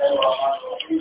الرحيم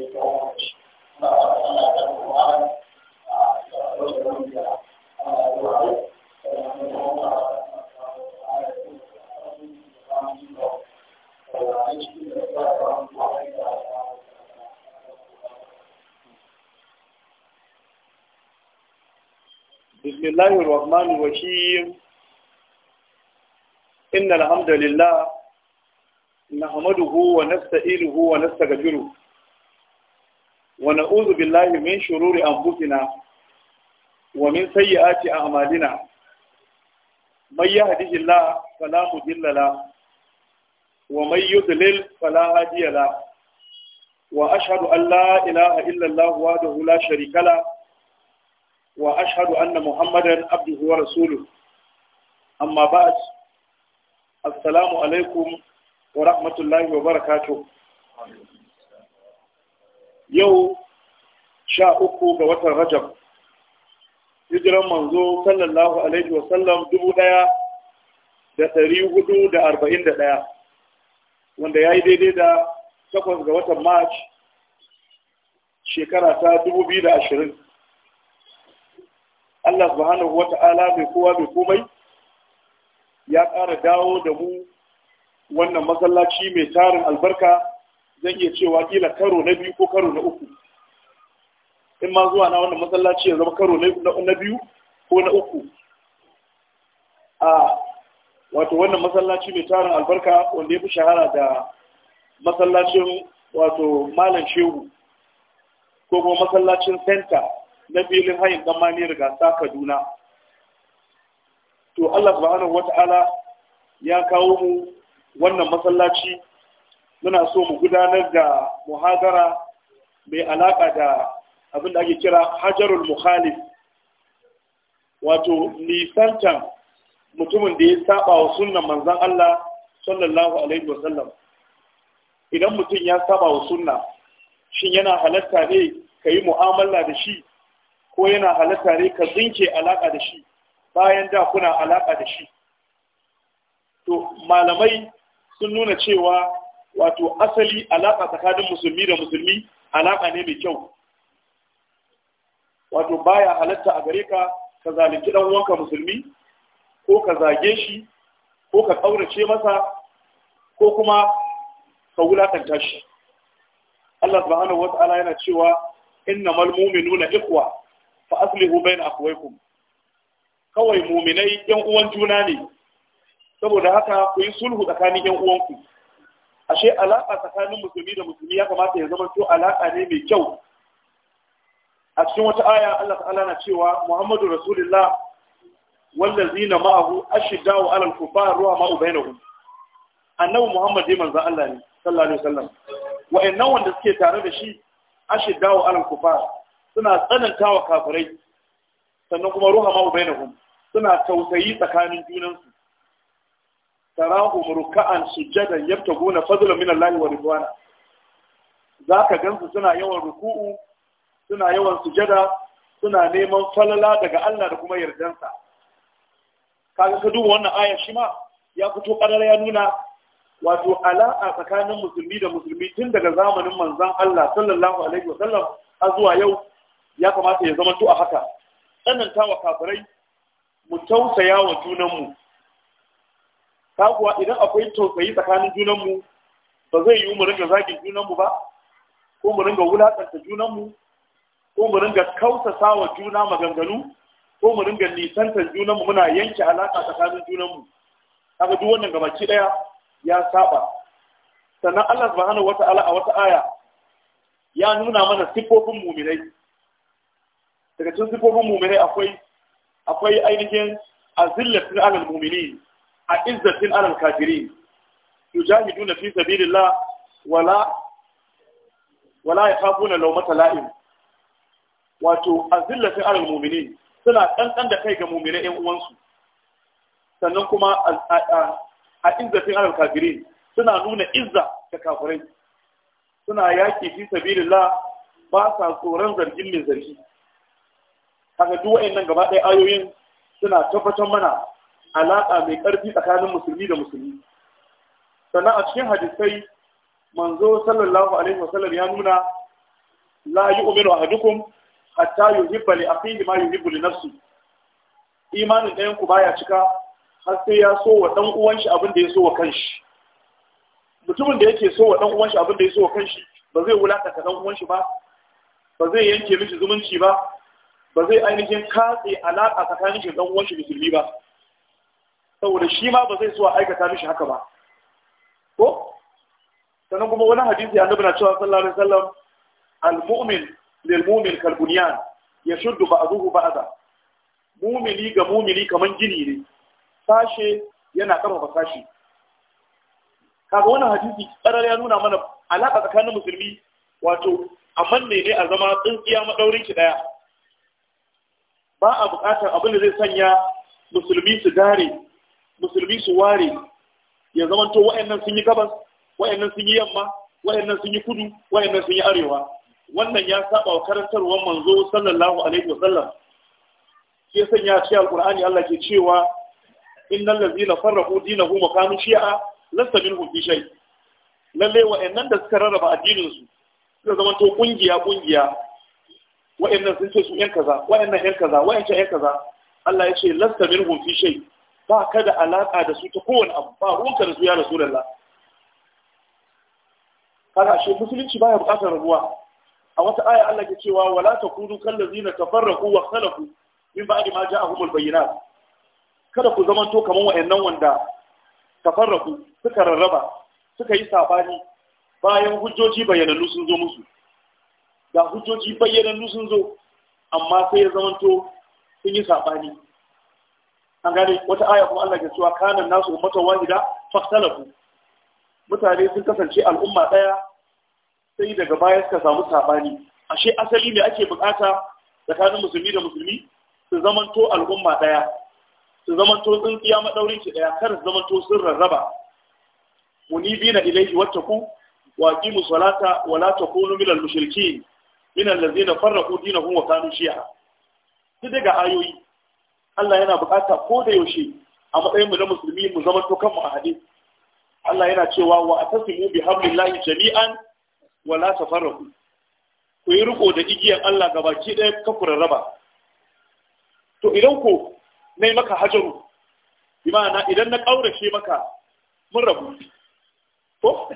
بسم الله الرحمن الرحيم إن الحمد لله نحمده ونستئله ونستغفره wa na'udhu billahi min shururi anfusina wa min sayyiati a'malina man yahdihillahu fala mudilla lahu ومن يضلل فلا هادي له واشهد ان لا اله الا الله وحده لا شريك له واشهد ان محمدا عبده ورسوله اما بعد السلام عليكم ورحمه الله وبركاته yau sha uku ga watan rajab hijiran manzo sallallahu alaihi wasallam dubu daya da ɗari hudu da arba'in da ɗaya wanda ya yi daidai da takwas ga watan march shekara ta dubu biyu da ashirin allah subhanahu wa ta'ala mai kowa mai komai ya ƙara dawo da mu wannan masallaci mai tarin albarka zan iya cewa kila karo na biyu ko karo na uku in ma zuwa na wannan masallaci ya zama karo na biyu ko na uku a wato wannan masallaci mai tarin albarka wanda ya fi shahara da masallacin wato malam shehu ko kuma masallacin senta na filin hayin gamani daga sa kaduna to allah subhanahu wata'ala ya kawo mu wannan masallaci muna so mu gudanar da muhadara mai alaƙa da abin da ake kira hajarul muhalif wato nisantan mutumin da ya saba wa sunnan manzan Allah sallallahu alaihi wasallam idan mutum ya saba wa sunna shin yana halatta ne ka yi mu'amala da shi ko yana halatta ne ka zinke alaƙa da shi bayan da kuna alaƙa da shi to malamai sun nuna cewa wato asali alaƙa tsakanin musulmi da musulmi alaƙa ne mai kyau wato baya halatta a gare ka ka zalunci dan uwanka musulmi ko ka zage shi ko ka ƙaurace masa ko kuma ka wulakanta shi Allah subhanahu wata'ala yana cewa innamal mu'minuna ikwa, fa aslihu bayna akhawaykum kawai mu'minai yan uwan juna ne saboda haka ku yi sulhu tsakanin yan uwanku ashe alaƙa tsakanin musulmi da musulmi ya kamata ya zama to alaƙa ne mai kyau a cikin wata aya Allah ta'ala na cewa Muhammadu Rasulullah wallazina ma'ahu ashiddau 'alal kufar ruhama bainahum annabi Muhammad dai manzon Allah ne sallallahu alaihi wasallam wa'annan wanda suke tare da shi ashiddau 'alal kufar suna tsanantawa kafirai sannan kuma ruhama bainahum suna tausayi tsakanin junansu tarahum ruk'an sujadan yabtaguna fadlan min Allah wa ridwana zaka gansu suna yawan ruku'u suna yawan sujada suna neman falala daga Allah da kuma yardansa kaga ka duba wannan aya shi ma ya fito karara ya nuna wato ala'a tsakanin musulmi da musulmi tun daga zamanin manzon Allah sallallahu alaihi wa sallam har zuwa yau ya kamata ya zama to a haka tsananta wa kafirai mu tausaya wa junanmu kaguwa idan akwai tausayi tsakanin junanmu ba zai yi mu ringa zagin junanmu ba ko mu ringa wulaƙanta junanmu ko mu ringa kausasa wa juna maganganu ko mu ringa nisantar junanmu muna yanke alaƙa tsakanin junanmu haka duk wannan gabaki ɗaya ya saba sannan Allah subhanahu wata'ala a wata aya ya nuna mana sifofin muminai daga cikin sifofin muminai akwai akwai ainihin azillatul alal muminin a izzatin alal kafirin yujahiduna fi sabilillah wala wala yakhafuna lawmata la'im wato azillatin alal mu'minin suna kankan da kai ga mu'minai ƴan uwansu sannan kuma a izzatin alal kafirin suna nuna izza ga kafirai suna yaki fi sabilillah ba sa tsoron zargin mai zargi kaga duk waɗannan gaba ɗaya ayoyin suna tabbatar mana alaƙa mai ƙarfi tsakanin musulmi da musulmi sannan a cikin hadisai manzo sallallahu alaihi wasallam ya nuna la yu'minu ahadukum hatta yuhibba li akhihi ma yuhibbu li nafsi imanin ɗayan ku baya cika har sai ya so wa ɗan uwan shi abin da ya so wa kanshi mutumin da yake so wa ɗan uwan shi abin da ya so wa kanshi ba zai wulakanta ɗan uwan shi ba ba zai yanke mishi zumunci ba ba zai ainihin katse alaƙa tsakanin shi ɗan uwan shi musulmi ba saboda shi ma ba zai so a aikata mishi haka ba ko sannan kuma wani hadisi annabi na cewa sallallahu alaihi wasallam al-mu'min lil mu'min kal bunyan yashuddu ba'dahu ba'da mu'mini ga mu'mini kaman gini ne sashe yana karfafa sashe. kaga wannan hadisi karar ya nuna mana alaka tsakanin musulmi wato amman ne ne a zama tsintsiya madaurin ki daya ba a bukatar abin da zai sanya musulmi su dare musulmi su ware ya to wa'annan sun yi gabas wa'annan sun yi yamma wa'annan sun yi kudu wa'annan sun yi arewa wannan ya saba wa karantarwar manzo sallallahu alaihi wa sallam ya sanya shi alqur'ani Allah ke cewa innal ladzina farraqu dinahum wa kanu shi'a lasta minhum fi shay lalle wa'annan da suka rarraba addinin su suka zama to kungiya kungiya wa'annan sun ce su yan kaza wa'annan yan kaza wa'annan yan kaza Allah ya ce lasta minhum fi shay ba ka da alaƙa da su ta kowane abu ba ruwanka da su ya rasu lalla kaga shi musulunci baya buƙatar rabuwa a wata aya Allah ke cewa wala takunu kallazina tafarraqu wa ku, min ba'di ma ja'ahumul bayyinat kada ku kamar kaman wayannan wanda tafarraqu suka rarraba suka yi sabani bayan hujjoji bayyanannu sun zo musu ga hujjoji bayyanannu sun zo amma sai ya zamanto sun yi sabani an gane wata aya kuma Allah ke cewa kanan nasu ummatan wahida fahtalafu mutane sun kasance al'umma daya sai daga baya suka samu sabani ashe asali ne ake bukata tsakanin musulmi da musulmi su zamanto al'umma daya su zamanto tsintsiya madaurin ki daya kar su zamanto sun rarraba na ilayhi wattaku wa aqimu salata wa la takunu al mushrikeen min ladzina farraqu dinahum wa kanu shi'a sai daga ayoyi Allah yana bukata ko da yaushe a matsayin mu na musulmi mu zama to kanmu a hadi Allah yana cewa wa atasimu bi hablillahi jami'an wa la tafarraqu ku yi riko da igiyar Allah gabaki ɗaya ka ku raba. to idan ko nai maka hajaru Imana idan na kaurace maka mun rabu ko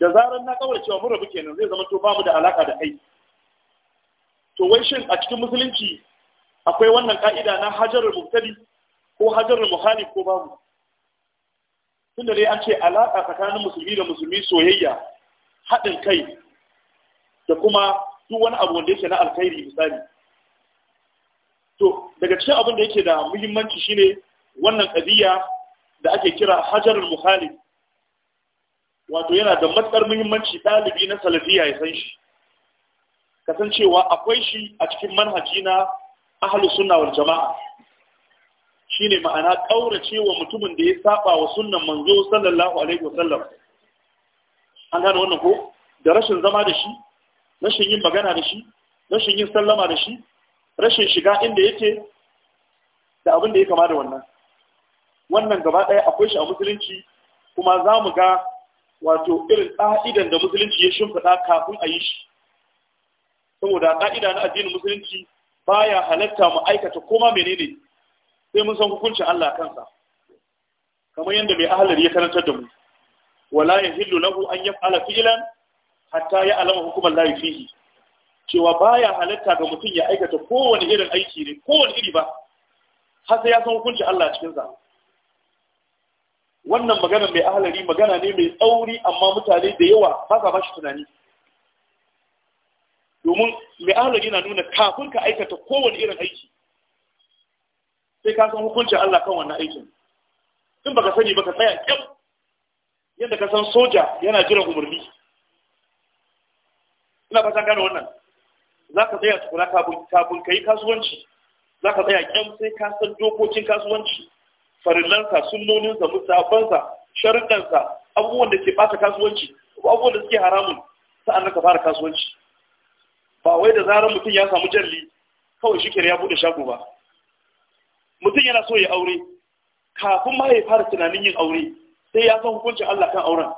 da zarar na kaurace mun rabu kenan zai zama to ba mu da alaka da kai to wai shin a cikin musulunci akwai wannan ka'ida na hajarar mubtadi ko hajarar muhalif ko babu tunda dai an ce alaƙa tsakanin musulmi da musulmi soyayya haɗin kai da kuma duk wani abu wanda yake na alkhairi misali to daga cikin abin da yake da muhimmanci shine wannan ƙabiya da ake kira hajarar muhalif wato yana da matsar muhimmanci ɗalibi na salafiya ya san shi kasancewa akwai shi a cikin manhaji na ahlus sunna wal jama'a shine ma'ana kaurace wa mutumin da ya saba wa sunnan manzo sallallahu alaihi wasallam an gano wannan ko da rashin zama da shi rashin yin magana da shi rashin yin sallama da shi rashin shiga inda yake da abin da ya kama da wannan wannan gaba ɗaya akwai shi a musulunci kuma za mu ga wato irin ƙa'idan da musulunci ya shimfiɗa kafin a yi shi saboda ƙa'ida na addinin musulunci baya halatta mu aikata koma menene sai mun san hukuncin Allah kansa kamar yadda mai ahalari ya karantar da mu wala yahillu lahu an yaf'ala fi'lan hatta ya alama hukumar lahi fihi cewa baya halatta ga mutum ya aikata kowane irin aiki ne kowane iri ba har sai ya san hukuncin Allah cikin sa wannan magana mai ahalari magana ne mai tsauri amma mutane da yawa ba sa ba shi tunani domin li'alar yana nuna kafin ka aikata kowane irin aiki sai ka san hukuncin Allah kan wannan aikin in baka sani baka tsaya kyau yadda ka san soja yana jiran umarni ina fata gane wannan za ka tsaya tukuna kafin ka yi kasuwanci za ka tsaya kyau sai ka san dokokin kasuwanci farillansa sunnoninsa musabansa sharuɗansa abubuwan da ke ɓata kasuwanci abubuwan da suke haramun sa'an na ka fara kasuwanci ba wai da zarar mutum ya samu jalli kawai shi ya bude shago ba mutum yana so ya aure kafin ma ya fara tunanin yin aure sai ya san hukuncin Allah kan auren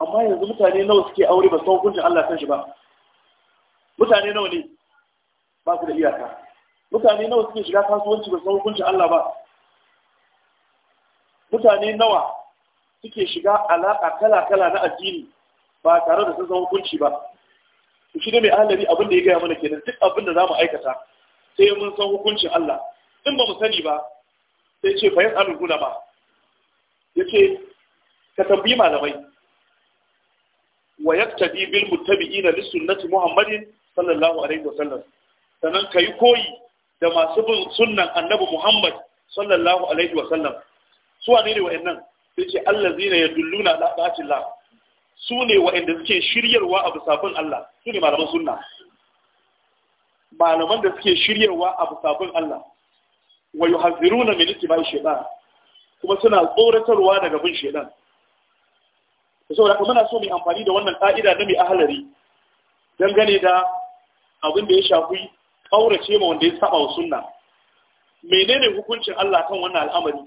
amma yanzu mutane nawa suke aure ba san hukuncin Allah kan shi ba mutane nawa ne ba su da iyaka mutane nawa suke shiga kasuwanci ba san hukuncin Allah ba mutane nawa suke shiga alaƙa kala-kala na addini ba tare da sun san hukunci ba to shi ne mai ahalari abin da ya gaya mana kenan duk abin da za mu aikata sai mun san hukuncin Allah in ba mu sani ba sai ce fa yasalu Ya yace ka tambayi malamai wa yaktabi bil muttabi'ina li sunnati muhammadin sallallahu alaihi wa sallam sannan kai koyi da masu bin sunnan annabi muhammad sallallahu alaihi sallam. su wane ne wa'annan sai ce allazina yadulluna ala ta'atillah su ne waɗanda suke shiryarwa a bisafin Allah su ne malaman sunna malaman da suke shiryarwa a bisafin Allah wa yuhazziruna min ittiba'i shaytan kuma suna tsoratarwa daga bin shaytan saboda kuma muna so mu amfani da wannan ka'ida na mai ahalari dangane da abin da ya shafi kaurace ma wanda ya saba wa sunna menene hukuncin Allah kan wannan al'amari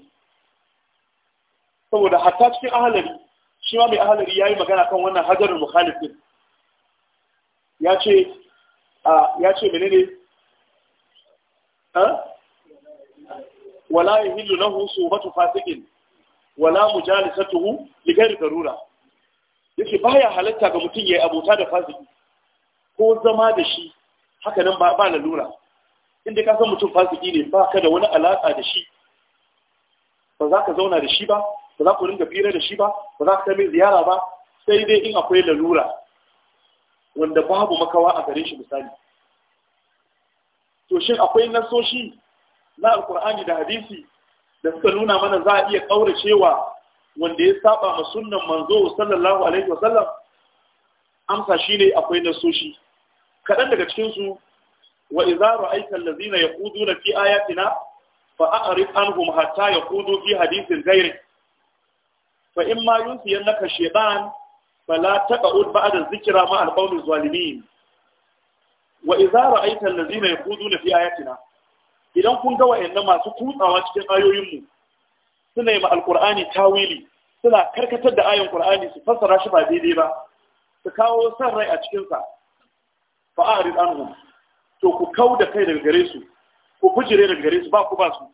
saboda hatta cikin ahalari shi ma mai ahalari ya yi magana kan wannan hajarul mukhalifin ya ce a ya ce ne? a wala yahillu lahu suhbatu fasiqin wala mujalisatuhu li ghairi darura ba baya halatta ga mutum ya yi abota da fasiki ko zama da shi haka nan ba ba lalura inda ka san mutum fasiki ne ba ka da wani alaka da shi ba za ka zauna da shi ba ba za ku ringa fira da shi ba ba za ku kai ziyara ba sai dai in akwai lalura wanda babu makawa a gare shi misali to shin akwai nasoshi na alkur'ani da hadisi da suka nuna mana za a iya ƙauracewa wanda ya saba ma sunnan manzo sallallahu alaihi wasallam amsa shine akwai nasoshi kadan daga cikin su wa idza ra'aita allazina yaquduna fi ayatina fa a'rid anhum hatta yaqudu fi hadithin ghayrihi fa in ma yunsiyan naka shaytan fala taqud ba'da dhikra ma al-qawmi zalimin wa idza ra'aita allazina yaquduna fi ayatina idan kun ga wayanna masu kutsawa cikin ayoyinmu suna yi ma alqur'ani tawili suna karkatar da ayan qur'ani su fassara shi ba daidai ba su kawo san rai a cikin sa fa a'rid anhum to ku kau da kai daga gare su ku kujire daga gare su ba ku ba su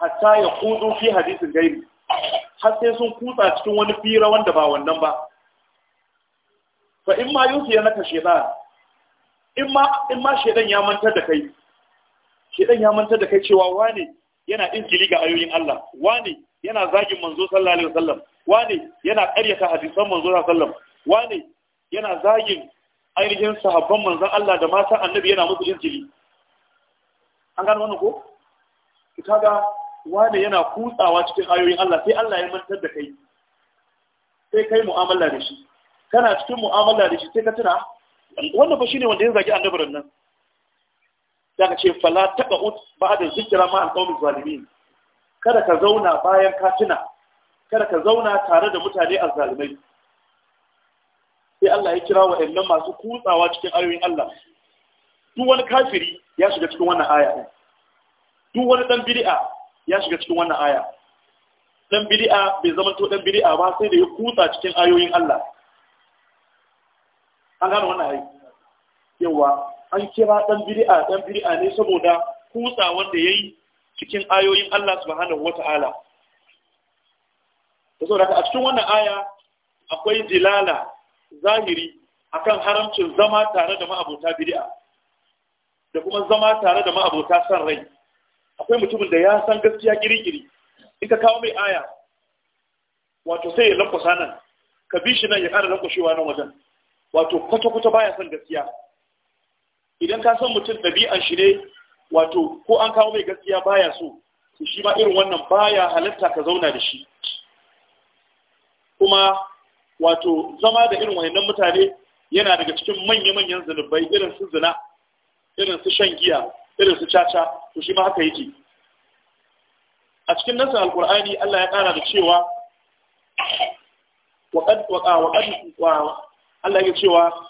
hatta kudu fi hadisin gairi har sai sun kutsa cikin wani fira wanda ba wannan ba fa in ma yusu ya naka shedan in ma in ma shedan ya mantar da kai shedan ya mantar da kai cewa wane yana injili ga ayoyin Allah wane yana zagin manzo sallallahu alaihi wasallam wane yana ƙaryata hadisan manzo sallallahu alaihi wasallam wane yana zagin ainihin sahabban manzon Allah da matan annabi yana musu injili an gano wannan ko kaga wane yana kutsawa cikin ayoyin Allah sai Allah ya mantar da kai sai kai mu'amala da shi kana cikin mu'amala da shi sai ka tuna wannan ba shine wanda ya zagi annabawan nan daga ce fala taba ut ba'da zikra ma al-qawmi zalimin kada ka zauna bayan ka tuna kada ka zauna tare da mutane azzalimai sai Allah ya kira wa'annan masu kutsawa cikin ayoyin Allah duk wani kafiri ya shiga cikin wannan aya duk wani dan bid'a ya shiga cikin wannan aya dan bid'a bai zama to dan bid'a ba sai da ya kutsa cikin ayoyin Allah an gano wannan ayi yawa an kira dan bid'a dan bid'a ne saboda kutsa wanda yayi cikin ayoyin Allah subhanahu wata'ala to saboda a cikin wannan aya akwai dilala zahiri akan haramcin zama tare da ma'abota bid'a da kuma zama tare da ma'abota san rai akwai mutumin da ya san gaskiya kirikiri in ka kawo mai aya wato sai ya lankwasa nan ka bi shi nan ya kara lankwashewa nan wajen wato kwata-kwata baya son gaskiya idan ka san mutum ɗabi'an shi ne wato ko an kawo mai gaskiya baya so to shi ma irin wannan baya halatta ka zauna da shi kuma wato zama da irin wayannan mutane yana daga cikin manya-manyan zunubai irin su zina irin su shan giya irin su caca to shi ma haka yake a cikin nasar alkur'ani Allah ya kara da cewa waƙad waƙad Allah ya cewa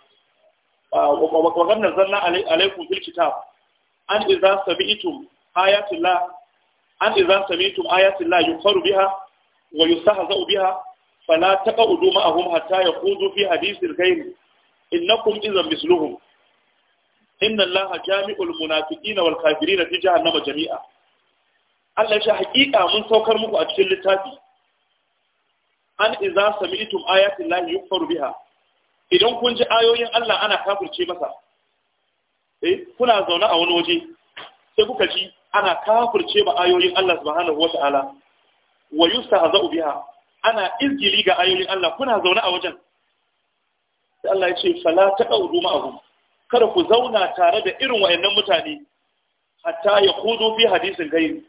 waƙad zanna alaikum fil kitab an idza sabi'tum ayatillah an idza sabi'tum ayatillah yukfaru biha wa yustahza'u biha fala taq'udu ma'ahum hatta yaqudu fi hadithin ghayri innakum idhan misluhum inna allaha jami'ul munafiqina wal kafirina fi jahannama jami'a Allah ya hakika mun saukar muku a cikin littafi an idza sami'tum ayati llahi yukfaru biha idan kun ji ayoyin Allah ana kafirce masa eh kuna zaune a wani waje sai kuka ji ana kafirce ba ayoyin Allah subhanahu wata'ala wa yustahza'u biha ana izgili ga ayoyin Allah kuna zaune a wajen sai Allah ya ce fala taqawdu ma'ahum kada ku zauna tare da irin wa'annan mutane hatta ya kudo fi hadisin gairi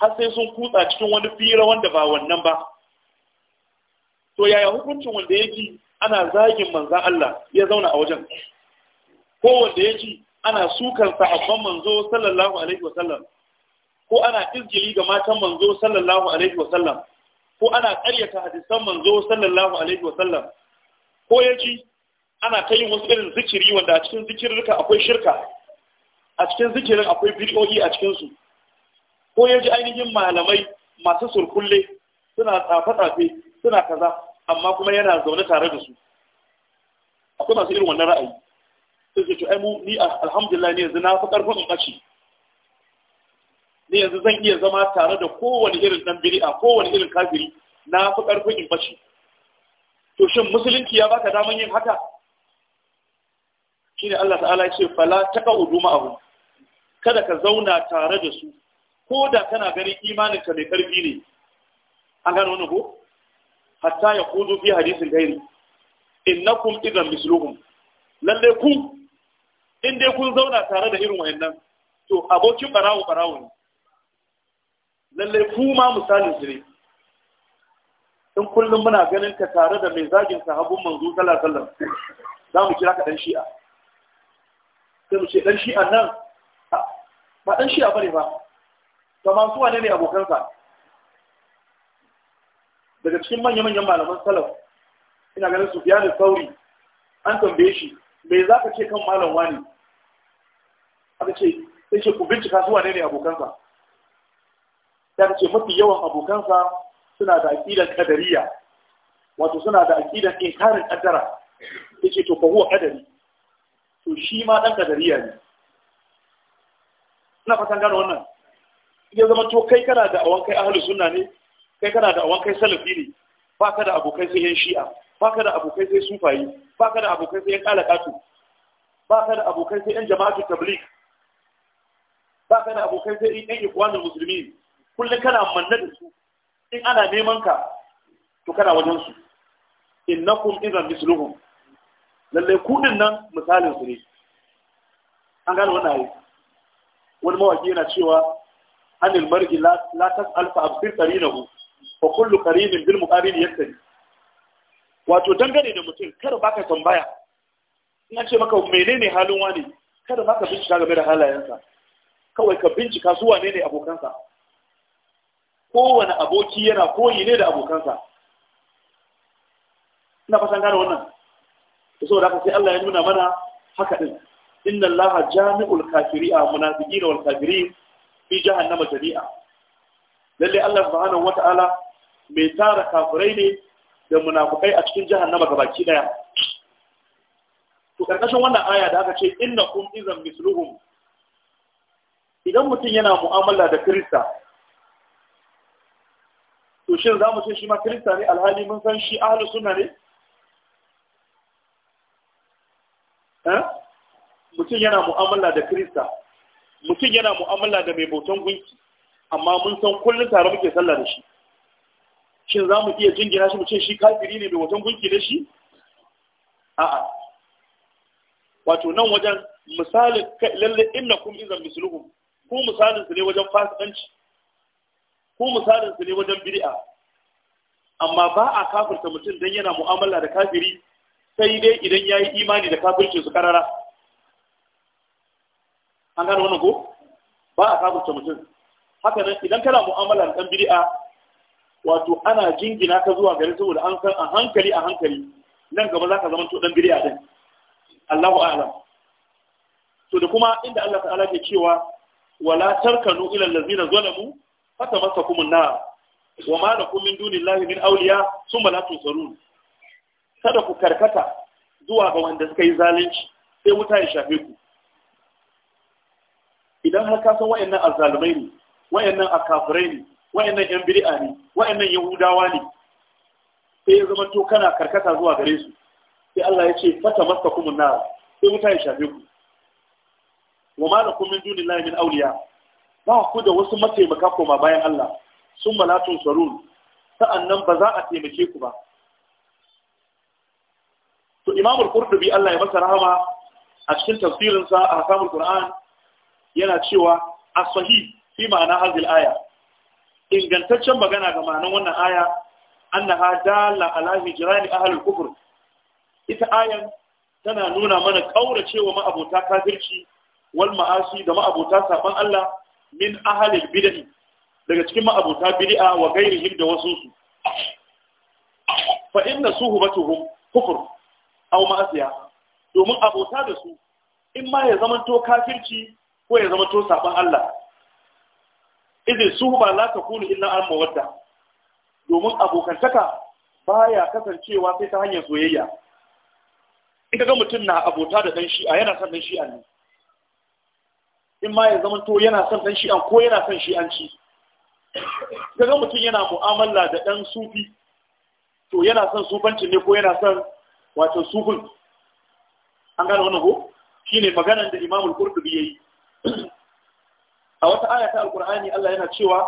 har sai sun kutsa cikin wani fira wanda ba wannan ba to yaya hukuncin wanda ya ji ana zagin manza Allah ya zauna a wajen ko wanda ya ji ana sukan sahabban manzo sallallahu alaihi wasallam ko ana izgili ga matan manzo sallallahu alaihi wasallam ko ana ƙaryata hadisan manzo sallallahu alaihi wasallam ko ya ji ana ta yin wasu irin zikiri wanda a cikin zikirirka akwai shirka a cikin zikirin akwai bid'o'i a cikinsu ko ya ji ainihin malamai masu surkulle suna tsafe-tsafe suna kaza amma kuma yana zaune tare da su akwai masu irin wannan ra'ayi sai su ce ai mu ni ah, alhamdulillah ne yanzu na fi karfin in ɓace ne yanzu zan iya zama tare da kowane irin dan bid'a kowane irin kafiri na fi karfin in ɓace to shin musulunci ya baka daman yin haka shine Allah ta'ala ya ce fala taqudu abu. kada ka zauna tare da su ko da kana ganin imanin ka mai karfi ne an gano wannan ko hatta ya kudu fi hadisin gairi innakum idan misluhum lalle ku in dai kun zauna tare da irin wayannan to abokin barawo barawo ne lalle ku ma misalin su ne in kullum muna ganin ka tare da mai zagin sahabbun manzo sallallahu alaihi wasallam za mu kira ka dan shi'a sai mu ce dan shi'an nan ba dan shi'a bane ba to ma su wane ne abokansa daga cikin manya-manyan malaman salaf ina ganin su biya da sauri an tambaye shi me za ka ce kan malam wani aka ce sai ce ku bincika su wane ne abokansa ka ce mafi yawan abokansa suna da aƙidan kadariya wato suna da aƙidan inkarin kaddara ya ce to fa huwa kadari to shi ma ɗan kadariya ne ina fatan gano wannan ya zama to kai kana da awon kai ahlus suna ne kai kana da awon kai salafi ne ba ka da abokai sai yan shi'a ba ka da abokai sai sufayi ba ka da abokai sai yan kalakatu ba ka da abokai sai yan jama'atu tablik, ba ka da abokai sai yan ikwanul musulmi kullum kana manna da su in ana neman ka to kana wajen su innakum idan misluhum lallai kuɗin nan misalin su ne an gano wannan ayi wani mawaki yana cewa anil marji la tas alfa absir qarinahu wa kullu qarinin bil muqarin yaktari wato dangane da mutum kada baka tambaya in an ce maka menene halin wani kada baka bincika game da halayensa kawai ka bincika su wane ne abokansa kowane aboki yana koyi ne da abokansa ina fasan gane wannan to saboda haka sai Allah ya nuna mana haka din inna allaha jami'ul a munafiqina wal kafirin fi jahannama jami'a lalle Allah subhanahu wata'ala mai tara kafirai ne da munafikai a cikin jahannama gabaki daya to karkashin wannan aya da aka ce innakum idan misluhum idan mutum yana mu'amala da kirista to shin za mu ce shi ma kirista ne alhali mun san shi ahlus sunna ne mutum yana mu'amala da Kirista mutum yana mu'amala da mai bautan gunki amma mun san kullum tare muke sallah da shi shin za mu iya jingina shi mu ce shi kafiri ne mai bautan gunki da shi a'a wato nan wajen misalin lalle kum izan misluhum ko misalin su ne wajen fasikanci ko misalin su ne wajen bid'a amma ba a kafirta mutum dan yana mu'amala da kafiri sai dai idan yayi imani da kafircin su karara an gane wannan ko ba a ce mutum haka nan idan kana mu'amala da ɗan bid'a wato ana jingina ka zuwa gari saboda an san a hankali a hankali nan gaba za ka zama to ɗan bid'a din Allahu a'lam to da kuma inda Allah ta'ala ke cewa wala tarkanu ila allazina zalamu fatamassakum an-nar wa ma lakum min dunillahi min awliya thumma la tunsarun kada ku karkata zuwa ga wanda suka yi zalunci sai wuta ya shafe ku idan har ka san wayannan azzalumai ne wayannan akafirai ne wayannan yan bid'a ne wayannan yahudawa ne sai ya zama to kana karkata zuwa gare su sai Allah ya ce fata masakum nar sai wuta ya shafe ku wa ma lakum min dunillahi min awliya ba ku da wasu mataimaka koma bayan Allah sun malatun sarun sa'annan ba za a taimake ku ba to imamul qurtubi Allah ya masa rahama a cikin tafsirinsa a hakamul qur'an yana cewa a sahi fi ma'ana hazil aya ingantaccen magana ga ma'anan wannan aya annaha dalla ala hijrani ahli Kufur. ita ayan tana nuna mana kauracewa ma'abota kafirci wal ma'asi da ma'abota saban Allah min ahli bid'ah daga cikin ma'abota bid'a wa ghairihim da wasu su fa inna suhbatuhum Kufur aw ma'asiya domin abota da su in ma ya zamanto kafirci ko ya zama to saban Allah idin su ba la ta kunu illa an mawadda domin abokantaka baya kasancewa sai ta hanyar soyayya in ga mutum na abota da dan a yana son dan shi an in ma ya zama to yana son dan an ko yana son shi'anci ga mutum yana mu'amala da dan sufi to yana son sufanci ne ko yana son wato sufin an gane wannan ko shine maganar da Imam Al-Qurtubi yayi a wata aya ta alqur'ani Allah yana cewa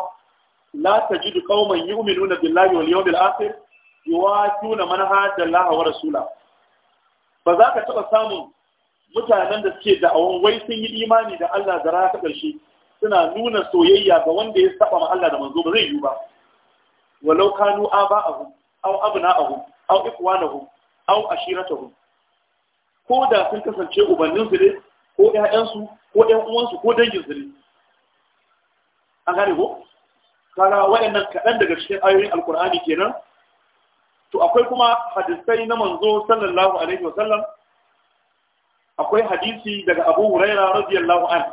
la tajidu qauman yu'minuna billahi wal yawmil akhir yuwatuna man hada Allah wa rasula ba za ka taba samun mutanen da suke da awon wai sun yi imani da Allah da rana karshe suna nuna soyayya ga wanda ya saba ma Allah da manzo ba zai yi ba walau kanu aba'ahum aw abna'ahum aw ikwanahum aw ashiratahum ko da sun kasance ubannin su ne ko 'ya'yansu, ko ƴan uwansu, ko dangin su ne an gane ko kaga waɗannan kaɗan daga cikin ayoyin alkur'ani kenan to akwai kuma hadisai na manzo sallallahu alaihi wasallam akwai hadisi daga abu huraira radiyallahu an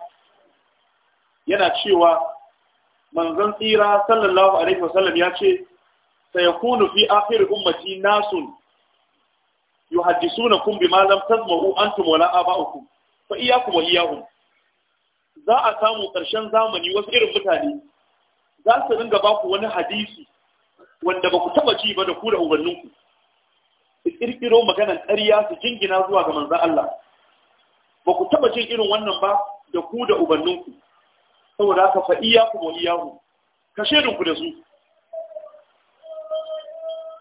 yana cewa manzon tsira sallallahu alaihi wasallam ya ce sayakunu fi akhir ummati nasun yuhaddisunakum bima lam tasma'u antum wala aba'ukum fa iyyakum wa iyyahum za a samu ƙarshen zamani wasu irin mutane za su ringa ba ku wani hadisi wanda ba ku taba ji ba da ku da ubanninku su ƙirƙiro maganar ƙarya su jingina zuwa ga manzan Allah ba ku taba jin irin wannan ba da ku da ubanninku saboda haka fa iya ku wa iyahu ka ku da su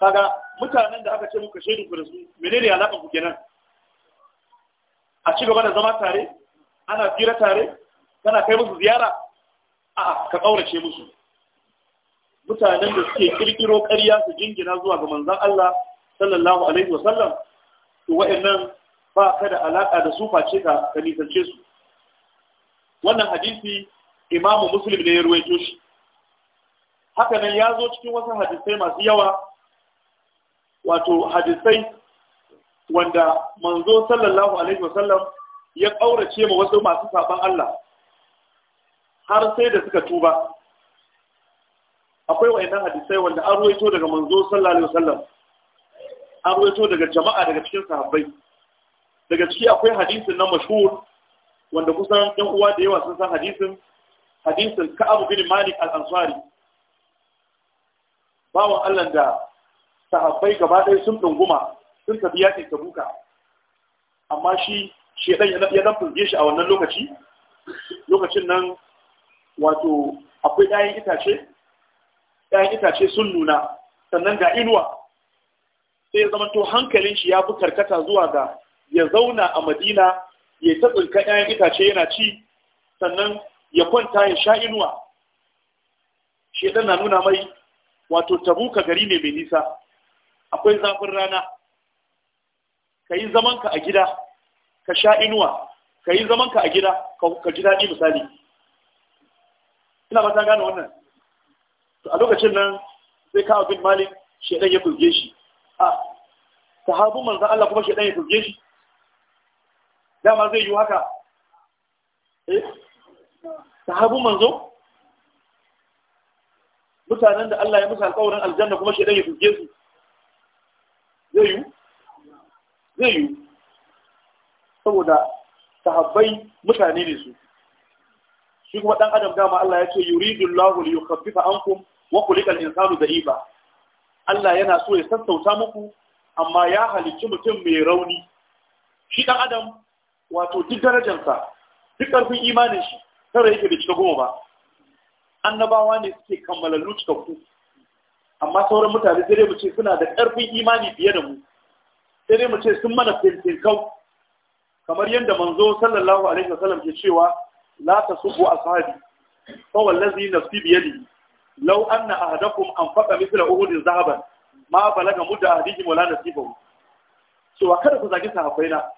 kaga mutanen da aka ce shaidu ku da su menene alaƙa ku kenan a ci gaba da zama tare ana fira tare kana kai musu ziyara a ka kaurace musu mutanen da suke kirkiro ƙarya su jingina zuwa ga manzon Allah sallallahu alaihi sallam to wa'annan ba ka da alaka da su face ka ka nisance su wannan hadisi imamu muslim ne ya ruwaito shi haka nan ya zo cikin wasu hadisai masu yawa wato hadisai wanda manzo sallallahu alaihi sallam ya ƙaurace ma wasu masu saban Allah har sai da suka tuba akwai wayannan hadisai wanda an ruwaito daga manzo sallallahu alaihi wasallam an ruwaito daga jama'a daga cikin sahabbai daga ciki akwai hadisin na mashhur wanda kusan ɗan uwa da yawa sun san hadisin hadisin Ka'ab bin Malik al-Ansari bawan Allah da sahabbai gaba ɗaya sun dunguma sun tafi ta Tabuka amma shi shedan ya dan furge shi a wannan lokaci lokacin nan wato akwai ɗayan itace ɗayan itace sun nuna sannan ga inuwa sai ya zamanto hankalin shi ya fi karkata zuwa ga ya zauna a madina ya ta tsinka ɗayan itace yana ci sannan ya kwanta ya sha inuwa shedan na nuna mai wato tabuka gari ne mai nisa akwai zafin rana ka yi zamanka a gida ka sha inuwa ka yi zamanka a gida ka ji daɗi misali ina ba ta gane wannan to a lokacin nan sai kawo bin malik shedan ya kurge shi a sahabu manzo Allah kuma shedan ya kurge shi dama zai yi haka eh sahabu manzo mutanen da Allah ya musa alƙawarin aljanna kuma shedan ya kurge su zai yi zai yi saboda sahabbai mutane ne su shi kuma dan adam dama Allah ya ce yuridullahu li yukhaffifa ankum wa khuliqa al-insanu da'ifa Allah yana so ya sassauta muku amma ya halicci mutum mai rauni shi dan adam wato duk darajarsa duk karfin imanin shi tare yake da cika goma ba annabawa ne suke kammala cikakku amma sauran mutane sai dai mu ce suna da karfin imani fiye da mu sai dai mu ce sun mana fintinkau kamar yadda manzo sallallahu alaihi wasallam ke cewa la tasubbu ashabi fa wallazi nafsi bi yadi law anna ahadakum anfaqa mithla uhudin zahaban ma balaga mudda ahadihim wala nasibahu cewa kada ku zagi sahabbai na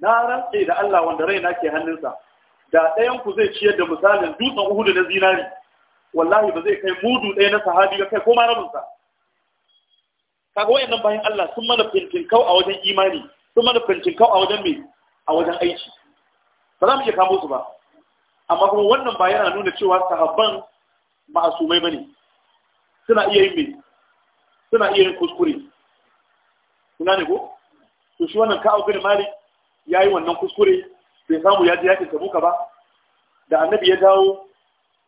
na rantse da Allah wanda raina ke hannunsa da ɗayan ku zai ciyar da misalin dutsen uhudu na zinari wallahi ba zai kai mudu ɗaya na sahabi ga kai ko ma rabinsa kaga wayannan bayan Allah sun mana fintinkau a wajen imani sun mana fintinkau a wajen me a wajen aiki ba za mu iya kamo su ba amma kuma wannan ba yana nuna cewa sahabban ma'asumai bane suna iya yin mai suna iya yin kuskure kuna ne ko to shi wannan ka mali ya yayi wannan kuskure bai samu ya je yakin tabuka ba da annabi ya dawo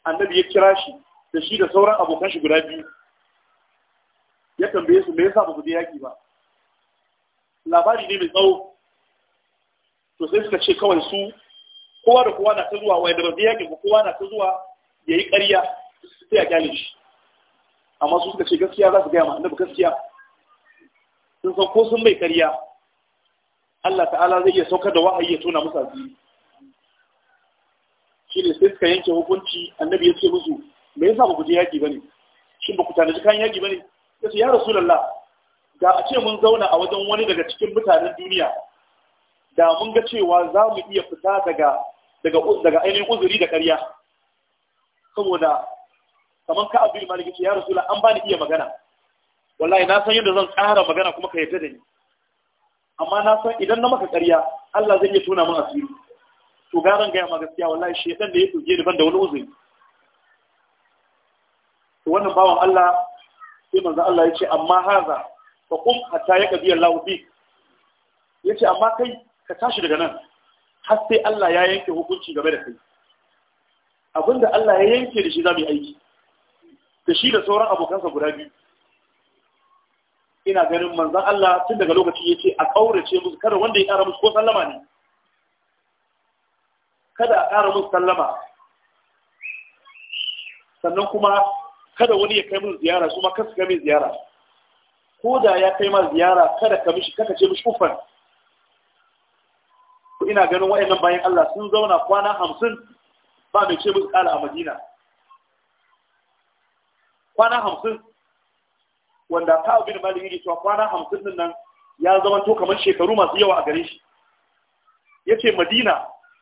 annabi ya kira shi da shi da sauran abokan shi guda biyu ya tambaye su me yasa ba ku je yaki ba labari ne mai tsawo to sai suka ce kawai su kowa da kowa na ta zuwa wai da bazai yakin ba kowa na ta zuwa ya yi ƙarya sai a kyale shi amma su suka ce gaskiya za su gaya ma annabi gaskiya sun san ko sun mai ƙarya Allah ta'ala zai iya saukar da wahayi ya tona musu asiri shi ne sai suka yanke hukunci annabi ya ce musu me yasa ba ku je yaƙi ba ne shin ba ku tanaji kayan yaƙi ba ne ya ce ya rasulallah da a ce mun zauna a wajen wani daga cikin mutanen duniya da mun ga cewa za mu iya fita daga daga ainihin uzuri da ƙarya saboda kamar ka abu malik ya rasula an bani iya magana wallahi na san yadda zan tsara magana kuma ka yarda da ni amma na san idan na maka ƙarya Allah zai iya tona min asiri to garan gaya ma gaskiya wallahi shedan da ya tuje ni ban da wani uzuri to wannan bawan Allah sai manzo Allah ya ce amma haza fa qum hatta yaqdi Allahu Ya yace amma kai ka tashi daga nan har sai Allah ya yanke hukunci game da kai abinda Allah ya yanke da shi za mu yi aiki da shi da sauran abokansa guda biyu ina ganin manzan Allah tun daga lokaci ya ce a ƙaurace musu kada wanda ya ƙara musu ko sallama ne kada a ƙara musu sallama sannan kuma kada wani ya kai musu ziyara su ma kasu kai mai ziyara ko da ya kai ma ziyara kada ka mishi kaka ce mishi kufan ina ganin wayannan bayan Allah sun zauna kwana hamsin ba mai ce musu kala a Madina kwana hamsin wanda ta abin malin yi cewa kwana hamsin din nan ya zama to kamar shekaru masu yawa a gare shi ya ce madina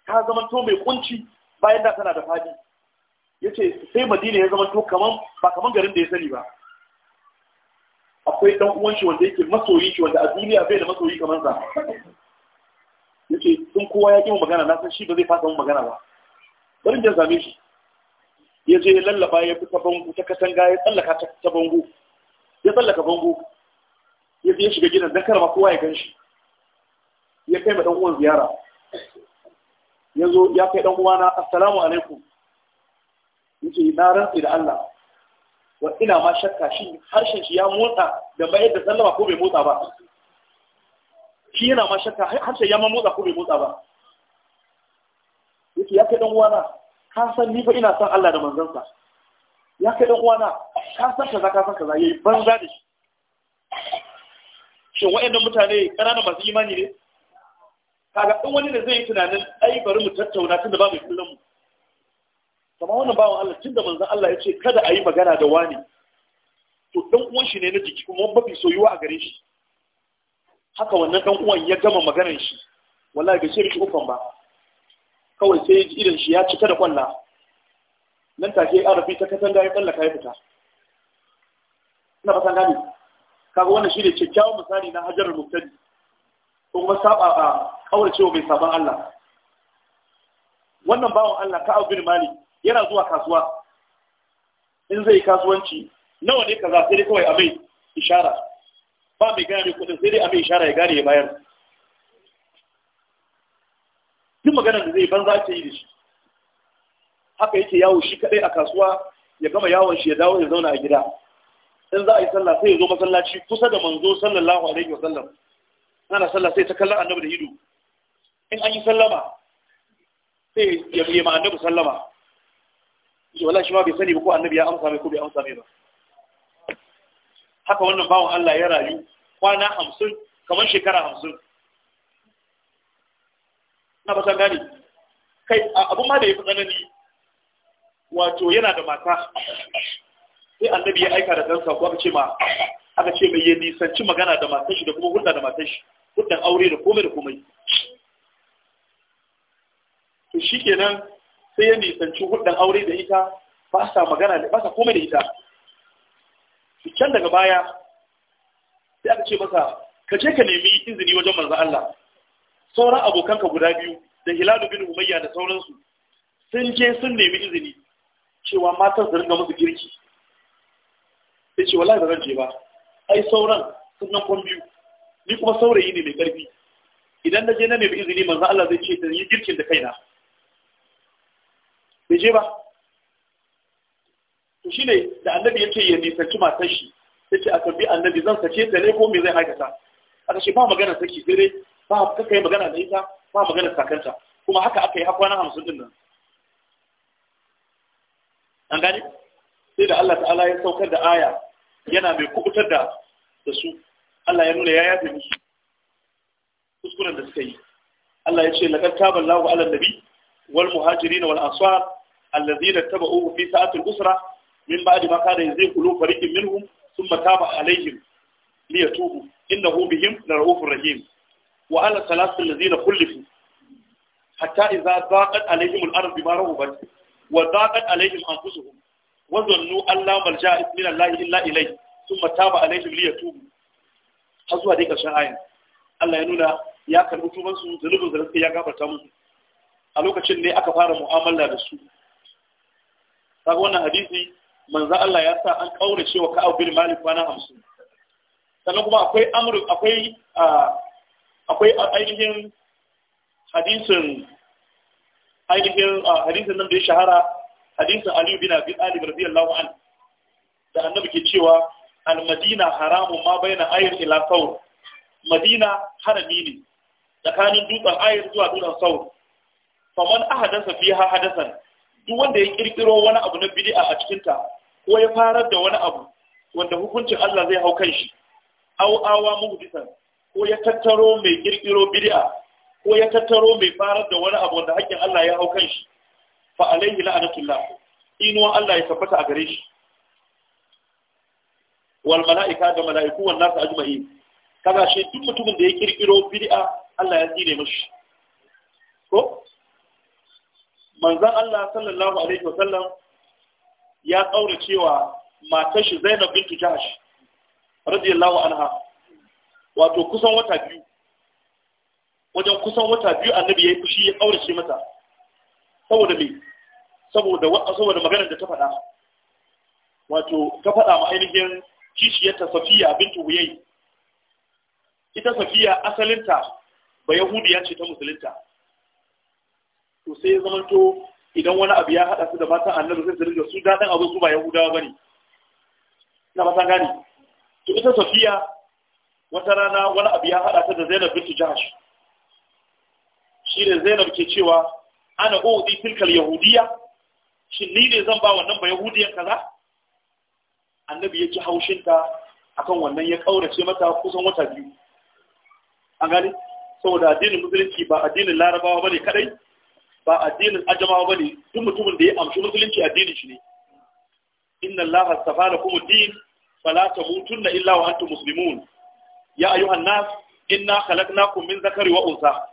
ta zama to mai kunci bayan da tana da fadi ya ce sai madina ya zama to kamar ba kamar garin da ya sani ba akwai dan uwan shi wanda yake masoyi shi wanda a duniya bai da masoyi kamar sa yake sun kowa ya ƙi magana na san shi ba zai fasa mun magana ba bari jan same shi ya je ya lallaba ya fi bango ta katanga ya tsallaka ta bango ya tsallaka bango ya je ya shiga gidan dan karama kowa ya gan shi ya kai ma dan uwan ziyara ya zo ya kai dan uwana assalamu alaikum yace na rantsi da Allah wa ina ma shakka shi harshen shi ya motsa da bayar da sallama ko bai motsa ba shi yana ma shakka harshe ya ma motsa ko bai motsa ba yake ya kai uwana ka san ni fa ina son Allah da manzansa ya kai uwana ka san kaza ka san kaza yayi banza da shi shin waɗannan mutane ƙananan masu imani ne kaga ɗan wani da zai yi tunanin ai bari mu tattauna tunda ba mai kullum kuma wannan bawan Allah tunda manzon Allah ya ce kada a yi magana da wani to ɗan uwan shi ne na jiki kuma babu soyuwa a gare shi haka wannan ɗan uwan ya gama maganar shi wallahi bai ce shi ukun ba kawai sai idan shi ya cika da kwalla nan take arafi ta katanga ya kalla kai fita ina ba san gani kaga wannan shi ne kyakkyawan misali na hajarar muktadi ko kuma saba a kauracewa mai saban Allah wannan bawan Allah ka bin mali yana zuwa kasuwa in zai kasuwanci nawa ne kaza sai dai kawai a mai ishara ba mai gane kudin sai dai a mai shara ya gane ya bayar duk maganar da zai banza ce yi da shi haka yake yawo shi kadai a kasuwa ya gama yawon shi ya dawo ya zauna a gida in za a yi sallah sai ya zo masallaci kusa da manzo sallallahu alaihi wasallam ana sallah sai ta kallon annabi da ido in an yi sallama sai ya ma annabi sallama wala shi ma bai sani ba ko annabi ya amsa mai ko bai amsa mai ba haka wannan bawan Allah ya rayu kwana hamsin kamar shekara hamsin na ba gane kai abin ma da ya fi tsanani wato yana da mata sai annabi ya aika da ɗansa ko aka ce ma aka ce mai ya nisanci magana da matan shi da kuma hulɗa da matan shi hulɗan aure da komai da komai to shikenan sai ya nisanci hulɗan aure da ita ba sa magana da ba sa komai da ita can daga baya sai aka ce masa ka ce ka nemi izini wajen manzo Allah sauran abokanka guda biyu da Hilal bin Umayya da sauransu sun je sun nemi izini cewa matan su ringa musu girki sai ce wallahi ba zan je ba ai sauran sun nan kon biyu ni kuma saurayi ne mai karfi idan na je na nemi izini manzo Allah zai ce ta yi girkin da kaina bai je ba shi ne da annabi ya ce ya nisanci matan shi ya ce a tambi annabi zan sace ta ne ko me zai aikata A kashe ba magana saki sai dai ba ka yi magana da ita ba magana sakanta kuma haka aka yi haka wani hamsin din nan an gani sai da Allah ta'ala ya saukar da aya yana mai kubutar da da su Allah ya nuna ya yafe musu kuskuren da suka yi Allah ya ce laqad lawa ala nabi wal muhajirin wal ansar الذين اتبعوه في ساعة الأسرة min ba'di ma kana yazqulu fariqun minhum thumma taba alaihim liyatubu innahu bihim lara'ufur rahim wa ala salasil ladzina kullifu hatta idza daqat alaihim al-ard bima rahabat wa daqat alaihim anfusuhum wa dhannu alla malja'a min Allah illa ilayhi thumma taba alaihim liyatubu har zuwa dai karshen ayan Allah ya nuna ya karbi tuban su zunubin da suka ya gabata musu a lokacin ne aka fara mu'amala da su kaga wannan hadisi manzo Allah ya sa an cewa wa abu bil Malik kwana 50 sannan kuma akwai amru akwai akwai ainihin hadisin ainihin hadisin nan da ya shahara hadisin Ali bin Abi Talib radiyallahu anhu da annabi ke cewa al-Madina haramun ma baina ayr ila thawr Madina harami ne tsakanin dutsen ayr zuwa dutsen fa man ahadasa fiha hadasan duk wanda ya kirkiro wani abu na bid'a a cikin ta ko ya farar da wani abu wanda hukuncin Allah zai hau kan shi au awa muhdisan ko ya tattaro mai kirkiro bid'a ko ya tattaro mai farar da wani abu wanda hakkin Allah ya hau kan shi fa alaihi la'natullah inuwa Allah ya tabbata a gare shi wal mala'ika da mala'iku wan nasu ajma'i kaga shi duk mutumin da ya kirkiro bid'a Allah ya tsire mishi ko manzon Allah sallallahu alaihi wasallam ya kaura cewa matar shi Zainab bintu Jahsh radiyallahu anha wato kusan wata biyu wajen kusan wata biyu annabi yayi fushi ya ce mata saboda me saboda saboda maganar da ta faɗa wato ta faɗa ma ainihin kishiyarta Safiya bintu Huyay ita Safiya asalinta ba Yahudiya ce ta musulunta to sai ya zamanto idan wani abu ya haɗa su da matan annabi sai su rinka su daɗin abu su ba yahudawa ba ne na ba gani to ita safiya wata rana wani abu ya haɗa su da zainab bintu jahash shi ne zainab ke cewa ana ƙo'udi filkar yahudiya shi ni ne zan ba wannan ba yahudiyan kaza annabi ya ci haushinta akan wannan ya ƙaurace mata kusan wata biyu an gani saboda addinin musulunci ba addinin larabawa ba ne kaɗai ba addinin ajamawa ne duk mutumin da ya amshi musulunci addinin shi ne inna allaha astafa da ad-din fala tamutunna illa wa antum muslimun ya ayyuhan nas inna khalaqnakum min Zakari wa untha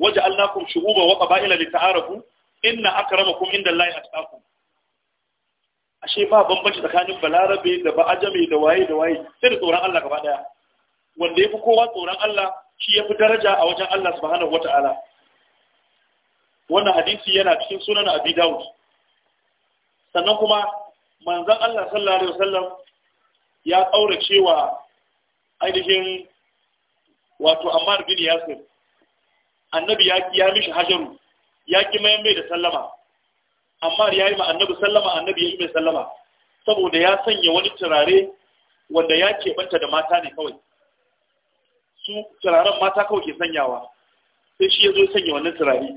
waja'alnakum shu'uban wa qaba'ila lita'arafu inna akramakum inda allahi atqakum ashe ba bambanci tsakanin balarabe da ba'ajame da waye da waye sai da tsoron Allah gaba daya wanda yafi kowa tsoron Allah shi yafi daraja a wajen Allah subhanahu wata'ala wannan hadisi yana cikin sunan abi dawud sannan kuma manzan Allah sallallahu alaihi wasallam ya kaura cewa ainihin wato Ammar bin Yasir annabi ya ya mishi hajaru ya ki mai mai da sallama Ammar yi ma annabi sallama annabi ya yi mai sallama saboda ya sanya wani turare wanda ya keɓanta da mata ne kawai su turaren mata kawai ke sanyawa sai shi ya zo sanya wannan turare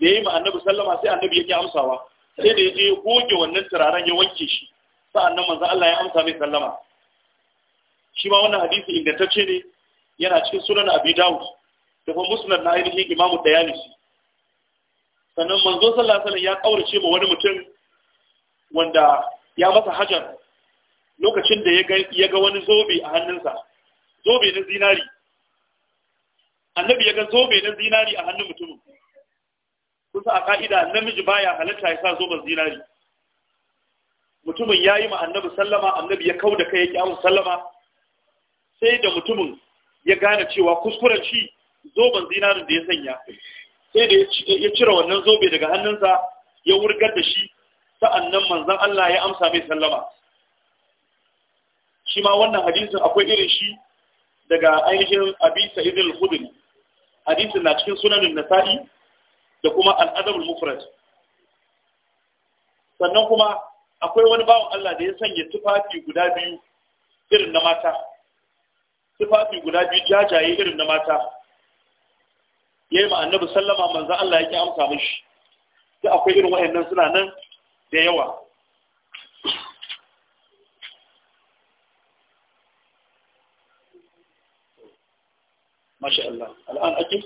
da ya yi ma annabi sallama sai annabi yake amsawa sai da ya je goge wannan turaren ya wanke shi sa'annan manzo Allah ya amsa mai sallama shi ma wannan hadisi ingantacce ne yana cikin sunan Abi Dawud da kuma musnad na ainihin Imam shi. sannan manzo sallallahu alaihi wasallam ya kaurace ma wani mutum wanda ya masa hajar lokacin da ya ga wani zobe a hannunsa zobe na zinari annabi ya ga zobe na zinari a hannun mutumin kusa a ƙa'ida, namiji baya halatta ya sa zoben zinari mutumin ya yi ma annabi sallama annabi ya kau da kai ya kyawun sallama sai da mutumin ya gane cewa kuskuren shi zoben zinarin da ya sanya sai da ya cire wannan zobe daga hannunsa ya wurgar da shi sa'annan manzan Allah ya amsa mai sallama shi ma wannan hadisin akwai irin shi daga ainihin abisa sa'id al hadisin na cikin sunanin nasa'i da kuma al'adabul mufrad sannan kuma akwai wani bawan Allah da ya sanya tufafi guda biyu irin na mata tufafi guda biyu jajaye irin na mata ya yi ma'annabi sallama manzan Allah ya ƙi amsa mashi da akwai irin wa'annan suna nan da yawa masha Allah al'an ake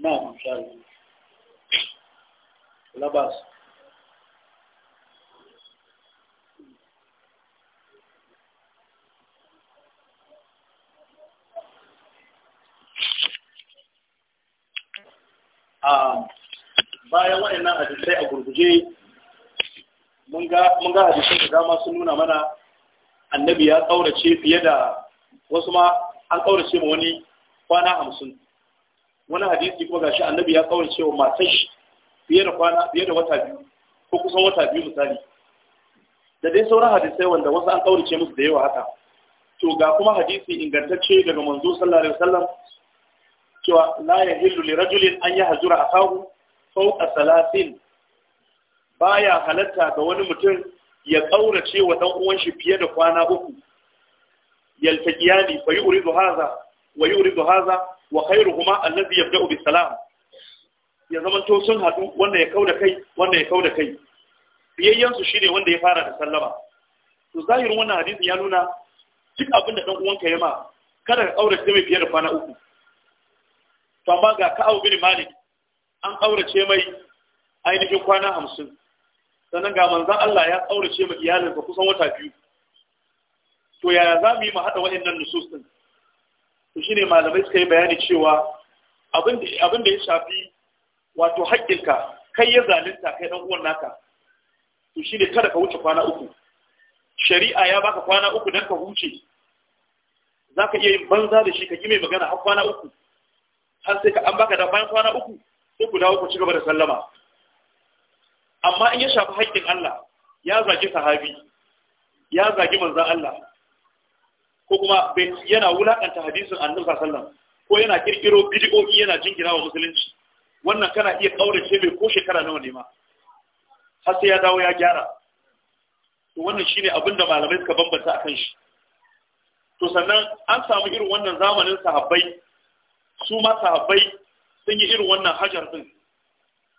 نعم إن شاء الله لا بأس bayan waɗannan hadisai a gurguje mun ga hadisai da dama sun nuna mana annabi ya ƙaurace fiye da wasu ma an ƙaurace ma wani kwana hamsin wani hadisi kuma gashi annabi ya kawai cewa matar shi fiye da kwana fiye da wata biyu ko kusan wata biyu misali da dai sauran hadisai wanda wasu an kaurace musu da yawa haka to ga kuma hadisi ingantacce daga manzo sallallahu alaihi wasallam cewa la yahillu li rajulin an sau akahu fawqa salasin baya halatta ga wani mutum ya kaurace wa dan uwan shi fiye da kwana uku yaltaqiyani fa yuridu hadha wa yuridu haza wa khairuhuma allazi yabda'u salam ya zama to sun hadu wanda ya kauda kai wanda ya kauda kai biyayyan su shine wanda ya fara da sallama to wannan hadisi ya nuna duk abinda da dan uwanka ya ma kada ka aurace mai fiye da kwana uku to amma ga ka'ab bin malik an aurace mai ainihin kwana hamsin sannan ga manzan Allah ya aurace mai iyalinsa kusan wata biyu to yaya za mu yi mu haɗa waɗannan nusus to shine malamai suka yi bayani cewa abin da ya shafi wato haƙƙinka kai ya zalunta kai ɗan uwan naka to shine kada ka wuce kwana uku shari'a ya baka kwana uku don ka huce za ka iya yin banza da shi ka kime magana har kwana uku har sai ka an baka da bayan kwana uku sai ku dawo ku ci gaba da sallama amma in ya shafi haƙƙin Allah ya zagi sahabi ya zagi manzan Allah ko kuma yana wulakanta hadisin annabi sallallahu ko yana kirkiro bid'o'i yana jinkira wa musulunci wannan kana iya ƙaurace mai ko shekara nawa ne ma har sai ya dawo ya gyara to wannan shine abin da malamai suka bambanta akan shi to sannan an samu irin wannan zamanin sahabbai su ma sahabbai sun yi irin wannan hajar din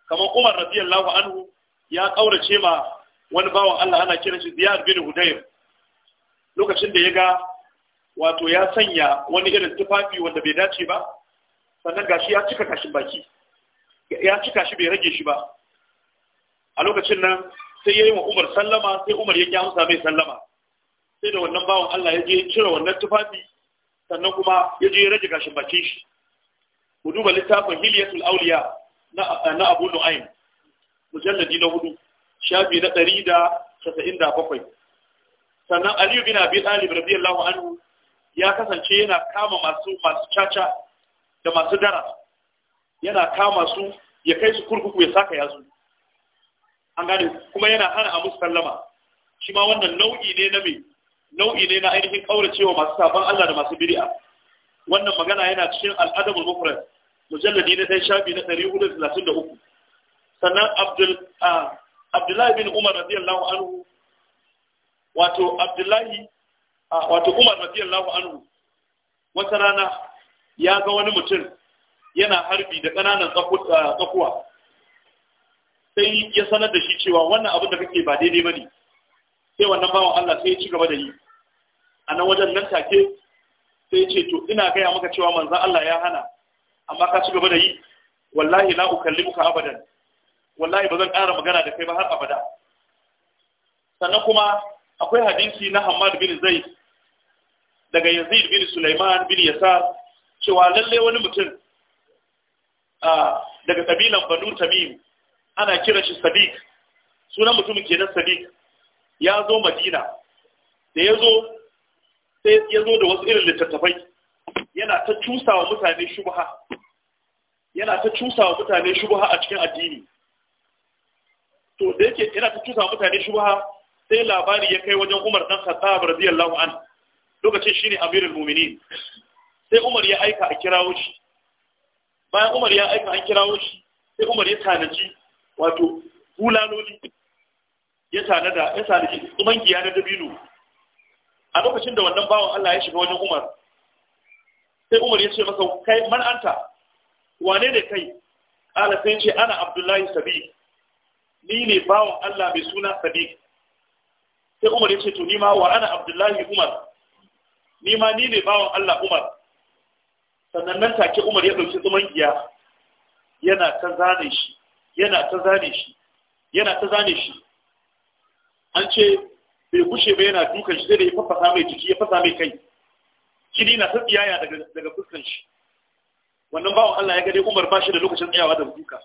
kamar Umar radiyallahu anhu ya kaurace ma wani bawan Allah ana kiran shi Ziyad bin Hudayr lokacin da ya ga wato ya sanya wani irin tufafi wanda bai dace ba sannan gashi ya cika kashin baki ya cika shi bai rage shi ba a lokacin nan sai ya yi wa umar sallama sai umar ya ƙi amsa mai sallama sai da wannan bawan Allah ya je cire wannan tufafi sannan kuma ya je rage gashin bakin shi ku duba littafin hiliyatul auliya na na Abu nu'aim mujalladi na hudu shafi na ɗari da casa'in da bakwai sannan Aliyu bin Abi Talib radiyallahu anhu ya kasance yana kama masu masu caca da masu dara yana kama su ya kai su kurkuku ya saka yazu an gane kuma yana hana a musu sallama shi ma wannan nau'i ne na mai nau'i ne na ainihin kauracewa masu sabon Allah da masu bid'a wannan magana yana cikin al'adabul mufrad mujalladi na dai shafi na 433 sannan abdul ah, abdullahi bin umar radiyallahu anhu wato abdullahi wato Umar radiyallahu anhu wata rana ya ga wani mutum yana harbi da ƙananan tsakuwa sai ya sanar da shi cewa wannan abin da kake ba daidai ba ne sai wannan bawan Allah sai ya ci gaba da yi a nan wajen nan take sai ce to ina gaya maka cewa manzan Allah ya hana amma ka ci gaba da yi wallahi la ukallimuka abadan wallahi ba zan ƙara magana da kai ba har abada sannan kuma akwai hadisi na Hammad bin Zaid daga yanzu bin Sulaiman bin Yasar cewa lalle wani mutum daga kabilan Banu Tamim ana kira shi Sadiq sunan mutumin kenan Sadiq ya zo Madina da ya zo sai ya zo da wasu irin littattafai yana ta cusawa mutane shubha yana ta cusawa mutane shubha a cikin addini to da yake yana ta cusawa mutane shubha sai labari ya kai wajen Umar dan Khattab radiyallahu anhu lokacin shine amirul mu'minin sai Umar ya aika a kirawo shi bayan Umar ya aika an kirawo shi sai Umar ya tanaji wato hulaloli ya tanada ya tanaji giya na dabino a lokacin da wannan bawan Allah ya shiga wajen Umar sai Umar ya ce masa kai man anta wane ne kai ala sai ce ana Abdullahi Sabi ni ne bawan Allah mai suna Sabi sai Umar ya ce to ni ma wa ana Abdullahi Umar ni ma ni ne bawan Allah Umar sannan nan take Umar ya dauki tsuman giya yana ta zane shi yana ta zane shi yana ta zane shi an ce bai gushe ba yana dukan shi sai da ya fafasa mai jiki ya fasa mai kai kini na ta tsiyaya daga daga fuskan shi wannan bawan Allah ya ga dai Umar ba shi da lokacin tsayawa da duka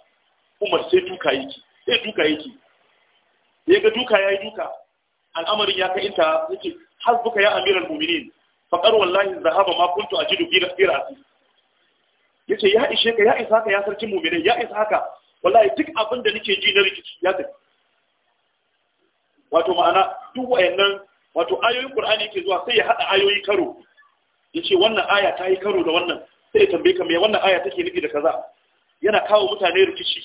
Umar sai duka yake sai duka yake ya ga duka yayi duka al'amarin ya kai inta yake hasbuka ya amiral mu'minin faƙar wallahi zahaba ma kuntu a jidu irasi ya ce ya ishe ka ya isa haka ya sarki muminai ya isa haka wallahi duk abin da nake ji na rikici ya tafi wato ma'ana duk wayannan wato ayoyin qur'ani yake zuwa sai ya hada ayoyi karo ya ce wannan aya ta yi karo da wannan sai ya tambaye ka me wannan aya take nufi da kaza yana kawo mutane rikici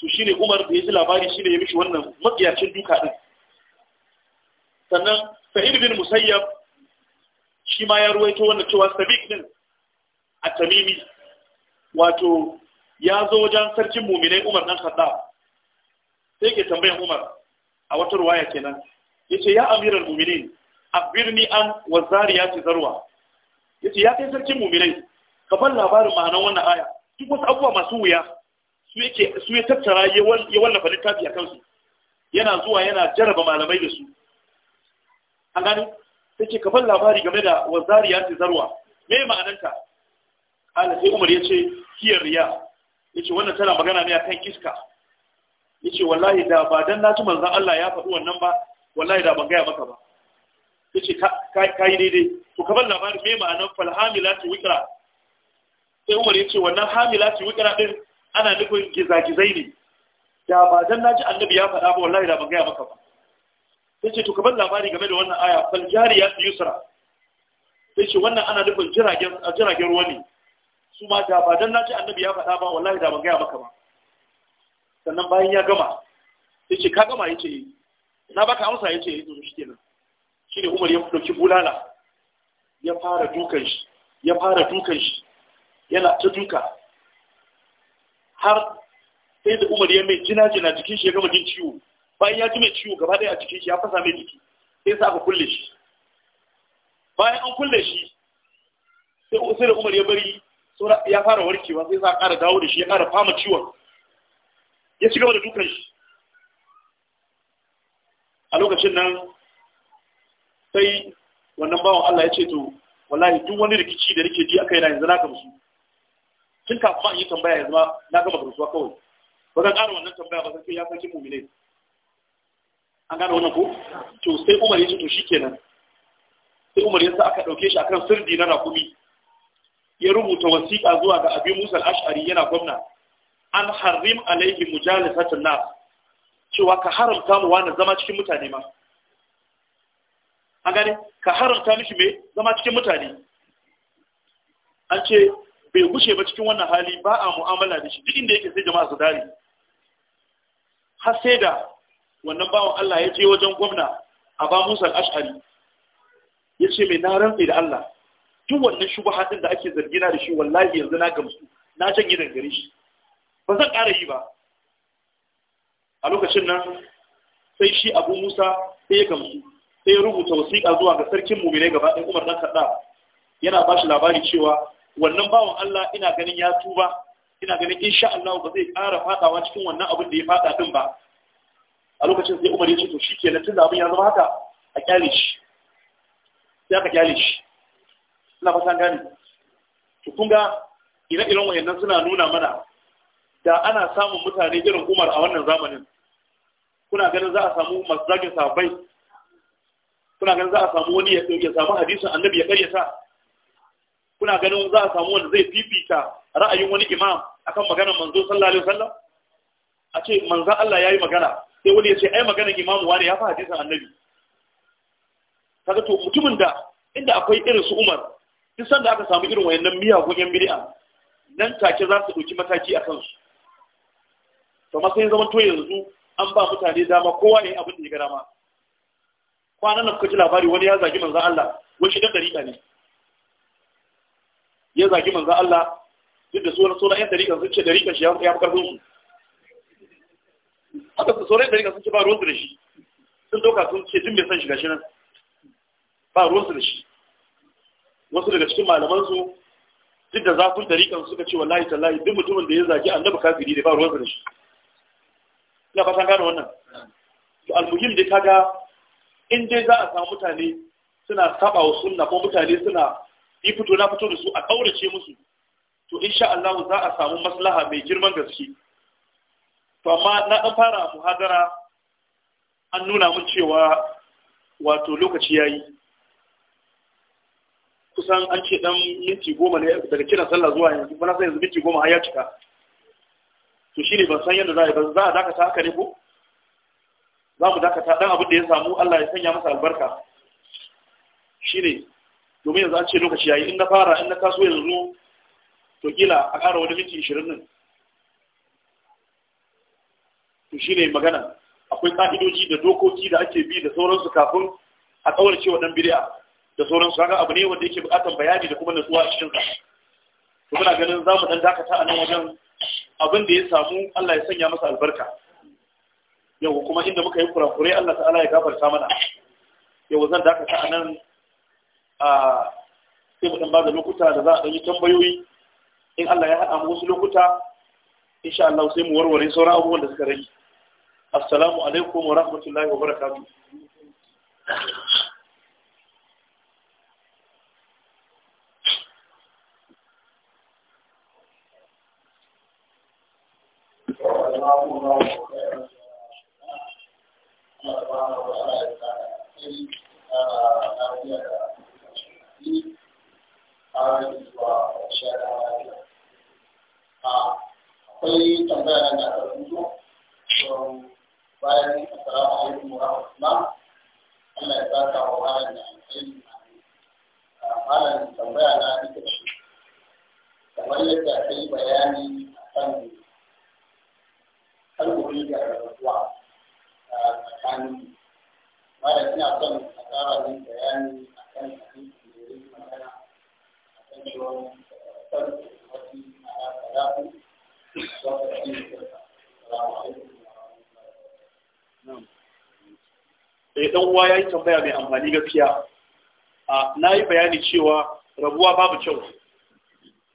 to shine Umar da ya ji labari shine ya mishi wannan makiyacin duka din sannan Sa'id bin Musayyab shi ma ya ruwaito wannan cewa sabik din a tamimi wato ya zo wajen sarkin muminai umar dan khattab sai ke tambayan umar a wata ruwaya kenan ce ya amiral a birni an ce zarwa Ya ce ya kai sarkin muminai ka ban labarin ma'anar wannan aya duk wasu abubuwa masu wuya su ya tattara ya wallafa littafi a kansu yana zuwa yana jaraba malamai da su an gani take kafan labari game da wazariya ta zarwa me ma'ananta? ala sai umar yace kiyar riya yace wannan tana magana ne akan iska yace wallahi da ba dan naci manzon Allah ya faɗi wannan ba wallahi da ban gaya maka ba yace ka yi daidai to kafan labari me ma'anar hamilati wikra sai umar yace wannan hamilati wikra din ana nufin gizagizai ne da ba dan naci annabi ya faɗa ba wallahi da ban gaya maka ba sai ce to ka labari game da wannan aya fal jariya yusra sai ce wannan ana nufin jiragen jiragen ruwa ne su ma da ba dan naji annabi ya faɗa ba wallahi da ban gaya maka ba sannan bayan ya gama sai ce ka gama yace eh. na baka amsa yace yazo eh, shi kenan Shi ne Umar ya ɗauki bulala ya fara dukan shi ya fara dukan shi yana ta duka har sai da Umar ya mai jina jina jikin shi ya gama jin ciwo bayan ya ji mai ciwo gaba ɗaya a cikin shi ya fasa mai jiki sai sa aka kulle shi bayan an kulle shi sai usai da umar ya bari ya fara warkewa sai sa ƙara dawo da shi ya ƙara fama ciwon ya ci gaba da dukan shi a lokacin nan sai wannan bawan Allah ya ce to wallahi duk wani rikici da nake ji aka yi na yanzu na gamsu tun kafin in yi tambaya yanzu na gama gamsuwa kawai ba zan ƙara wannan tambaya ba sai ya sarki mu'minai an gane wannan ko to sai umar ya ce to shikenan sai umar ya sa aka dauke shi akan sirdi na rakumi ya rubuta wasiƙa zuwa ga abin musa al-ash'ari yana gwamna an harim alaihi mujalisatun nas cewa ka haramta mu wani zama cikin mutane ma an gane ka haramta mishi mai zama cikin mutane an ce bai gushe ba cikin wannan hali ba a mu'amala da shi duk inda yake sai jama'a su dare har sai da wannan bawan Allah ya je wajen gwamna a ba Musa al-Ash'ari ya ce mai na rantse da Allah Tun wannan shubha haɗin da ake zargina da shi wallahi yanzu na gamsu na janye daga gare shi ba zan ƙara yi ba a lokacin nan sai shi Abu Musa sai ya gamsu sai ya rubuta wasiƙa zuwa ga sarkin muminai gaba ɗaya Umar dan Khattab yana ba shi labari cewa wannan bawan Allah ina ganin ya tuba ina ganin insha Allah ba zai ƙara fadawa cikin wannan abin da ya fada din ba a lokacin sai umar ya ce to shi ke na tunda abin ya zama haka a kyale shi sai aka kyale shi suna fasa gane to kun ga ire-iren wayannan suna nuna mana da ana samun mutane irin umar a wannan zamanin kuna ganin za a samu masu zagin sabai kuna ganin za a samu wani ya samu hadisin annabi ya karyata kuna ganin za a samu wanda zai fifita ra'ayin wani imam akan maganar manzo sallallahu alaihi wasallam a ce manzo Allah yayi magana sai wani ya ce ai maganar imamu wani ya fi hadisan annabi kaga to mutumin da inda akwai irin su umar duk sanda aka samu irin wayannan miya yan bid'a nan take za su ɗauki mataki a kansu to ma sai zaman to yanzu an ba mutane dama kowa ne abin da ya gara ma. kwanan nan kuka ji labari wani ya zagi manzon Allah wani shi dariƙa ne ya zagi manzon Allah duk da sunan sunan yan dariƙa sun ce dariƙa shi ya fi karfin su haka su sauran ɗari sun ce ba ruwansu da shi sun doka sun ce tun bai san shiga shi nan ba ruwansu da shi wasu daga cikin malamansu duk da zafin tarikan suka ce wallahi tallahi duk mutumin da ya zagi annabi kafiri da ba ruwansu da shi ina fatan gane wannan to almuhim dai kaga in dai za a samu mutane suna saba wa sunna ko mutane suna yi fito na fito da su a kaurace musu to insha Allah za a samu maslaha mai girman gaske to amma na ɗan fara muhadara an nuna mun cewa wato lokaci ya yi kusan an ce ɗan minti goma ne daga kiran sallah zuwa yanzu ba na san yanzu minti goma har ya cika to shi ne ban san yadda za a yi ba za a dakata haka ne ko za mu dakata ɗan abin da ya samu Allah ya sanya masa albarka shi ne domin yanzu an ce lokaci ya yi in na fara in na taso yanzu to kila a ƙara wani minti ishirin nan shi ne magana akwai ƙa'idoji da dokoki da ake bi da sauransu kafin a kaurace wa ɗan bid'a da sauransu haka abu ne wanda yake buƙatar bayani da kuma nutsuwa a cikin sa to muna ganin za mu dan dakata a nan wajen abin da ya samu Allah ya sanya masa albarka yau kuma inda muka yi kurakurai Allah ta'ala ya gafarta mana yau zan dakata a nan a sai mu dan bada lokuta da za a yi tambayoyi in Allah ya haɗa mu wasu lokuta insha Allah sai mu warware sauran abubuwan da suka rage السلام عليكم ورحمة الله وبركاته Allahumma wa tambaya mai amfani gaskiya a na yi bayani cewa rabuwa babu kyau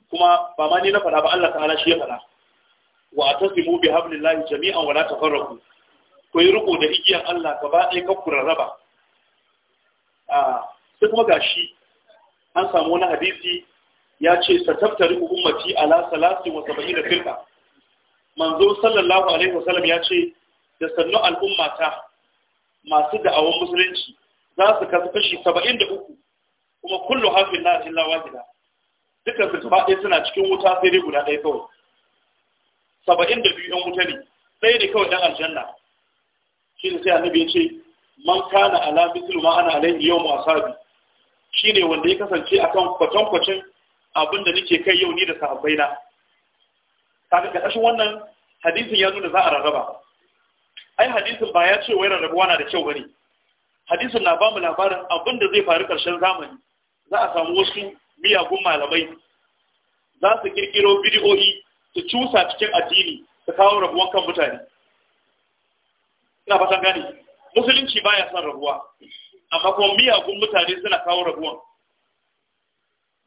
kuma ba ma ni na faɗa ba Allah ta'ala shi ya faɗa wa atasimu bi hablillahi jami'an wa la tafarraqu ko yi riko da igiyan Allah gaba ɗaya ka ku rarraba a sai kuma gashi an samu wani hadisi ya ce sataftari ummati ala salasi wa sab'ina firqa manzo sallallahu alaihi wasallam ya ce da sannu al'ummata masu da'awar musulunci za su kasu kashi saba'in da uku kuma kullum hafin na illa gida dukkan su gaba ɗaya suna cikin wuta sai dai guda ɗaya kawai saba'in da biyu ɗan wuta ne ɗaya ne kawai ɗan aljanna shi ne sai annabi ya ce man kana ala mislu ma ana alayhi yau mu asabi shi ne wanda ya kasance akan kwatankwacin abin da nake kai yau ni da na? kaga ƙarƙashin wannan hadisin ya nuna za a rarraba ai hadisin ba ya ce wai rarrabuwa na da kyau ba ne. hadisin na ba mu labarin abin da zai faru ƙarshen zamani za a samu wasu miyagun malamai za su kirkiro bidiyoyi su cusa cikin addini su kawo rabuwan kan mutane ina fatan gane musulunci baya son rabuwa amma kuma miyagun mutane suna kawo rabuwan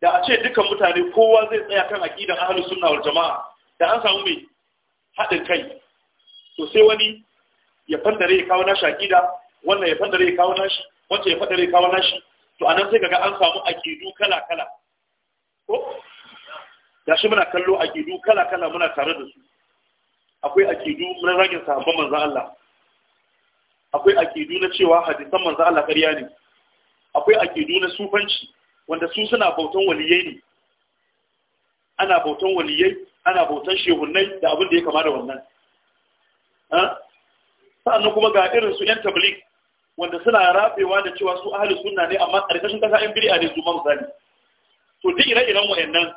da a ce dukkan mutane kowa zai tsaya kan aƙidan ahlus sunna wal jamaa da an samu mai haɗin kai to sai wani ya fandare ya kawo nashi akida wannan ya fadare ya kawo nashi wancan ya fadare ya kawo nashi to anan sai kaga an samu akidu kala kala ko shi muna kallo akidu kala kala muna tare da su akwai akidu na zagin sahabban manzon Allah akwai akidu na cewa hadisan manzon Allah ƙarya ne akwai akidu na sufanci wanda su suna bautan waliyai ne ana bautan waliyai ana bautan shehunnai da abin da ya kama da wannan sa'annan kuma ga irin su yan tablik wanda suna rafewa da cewa su ahli sunna ne amma karkashin kasa biri bid'a ne su ma misali to duk ire-iren wayannan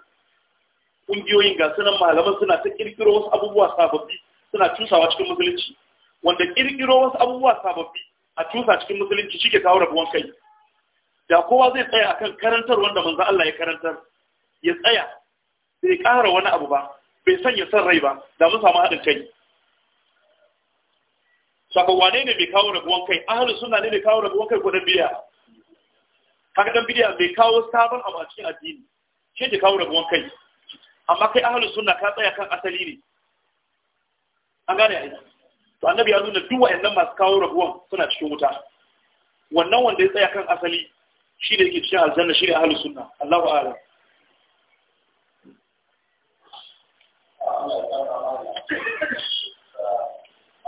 kungiyoyin ga sunan malaman suna ta kirkiro wasu abubuwa sababbi suna cusawa cikin musulunci wanda kirkiro wasu abubuwa sababbi a cusa cikin musulunci shike ke kawo rabuwan kai da kowa zai tsaya akan karantar wanda manzo Allah ya karantar ya tsaya bai ƙara wani abu ba bai sanya san rai ba da mun samu haɗin kai saka wane ne mai kawo rabuwan kai ahalin suna ne mai kawo rabuwan kai ko biya bidiya kaga dan bidiya mai kawo sabon abu a cikin addini shi ne kawo rabuwan kai amma kai ahalin suna ka tsaya kan asali ne an gane ai to annabi ya nuna duk wayannan masu kawo rabuwan suna cikin wuta wannan wanda ya tsaya kan asali shi ne yake cikin aljanna shi ne ahalin suna Allahu Thank you.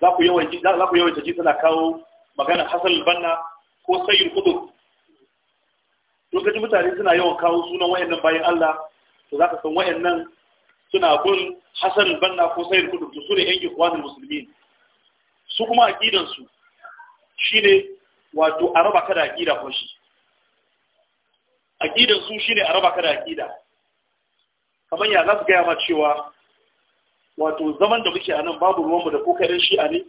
za ku yawan ji tana kawo maganar hasar banna ko sayin kudu lokacin mutane suna yawan kawo sunan wayannan bayan Allah to za ka san wayannan suna bin hasar banna ko sayin kudu to su ne yan ikwanin musulmi su kuma aƙidansu shi ne wato a raba kada aƙida ko shi aƙidansu shi ne a raba kada aƙida kamar ya za su gaya ma cewa wato zaman da muke a nan babu ruwanmu da ko kai shi'a ne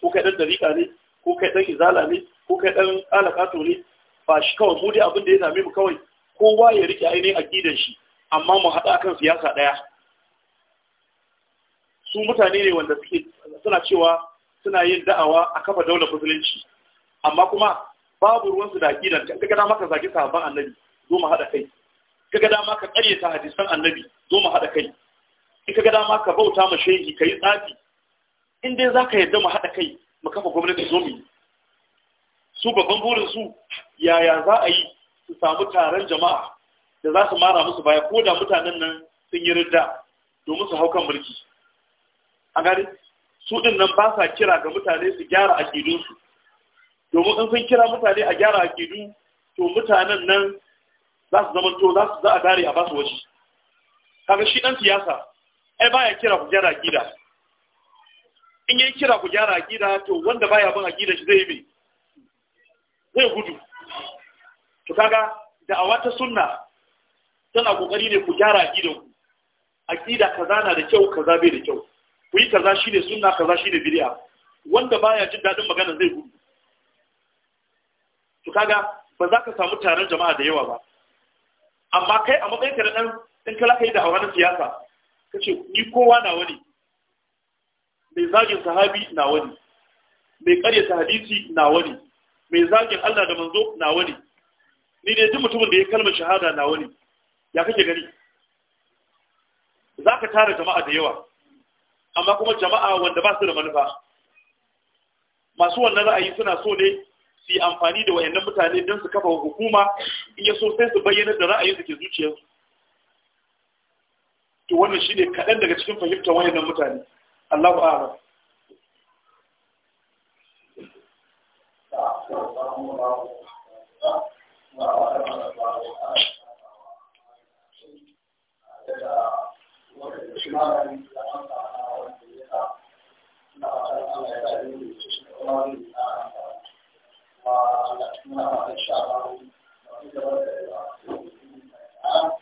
ko kai dariƙa ne ko kai ɗan izala ne ko kai dan alaƙato ne ba shi kawai mu dai abin da ya same mu kawai kowa ya rike ainihin aƙidar shi amma mu haɗa kan siyasa ɗaya su mutane ne wanda suke suna cewa suna yin da'awa a kafa daular musulunci amma kuma babu ruwansu da aƙidar ka ga dama ka zagi sahabban annabi zo mu haɗa kai ka ga dama ka ƙaryata hadisan annabi zo mu haɗa kai in ka ga dama ka bauta ma shehi ka yi tsafi in dai za ka yarda mu haɗa kai mu kafa gwamnati zo mu su babban burin su yaya za a yi su samu taron jama'a da za su mara musu baya ko da mutanen nan sun yi ridda domin su hau kan mulki a gari su ɗin nan ba sa kira ga mutane su gyara kidunsu, domin in sun kira mutane a gyara aƙidu to mutanen nan za su zama to za su za a dare a basu waje kaga shi ɗan siyasa ai baya kira ku gyara gida. in yi kira ku gyara gida, to wanda baya bin gida shi zai yi zai gudu to kaga da a wata sunna tana kokari ne ku gyara akidan ku gida kaza na da kyau kaza bai da kyau ku yi kaza shine sunna kaza shine bid'a wanda baya jin dadin magana zai gudu to kaga ba za ka samu taron jama'a da yawa ba amma kai a matsayin ka dan in kala kai da na siyasa kace ni kowa na wani mai zagin sahabi na wani mai karya hadisi na wani mai zagin Allah da manzo na wani ni dai duk mutumin da ya kalma shahada na wani ya kake gani zaka tara jama'a da yawa amma kuma jama'a wanda ba su da manufa masu wannan ra'ayi suna so ne su yi amfani da wayannan mutane don su kafa hukuma in ya so sai su bayyana da ra'ayin da ke zuciyarsu to wannan shine kaɗan daga cikin fahimtar wayannan mutane Allahu a'lam Thank you.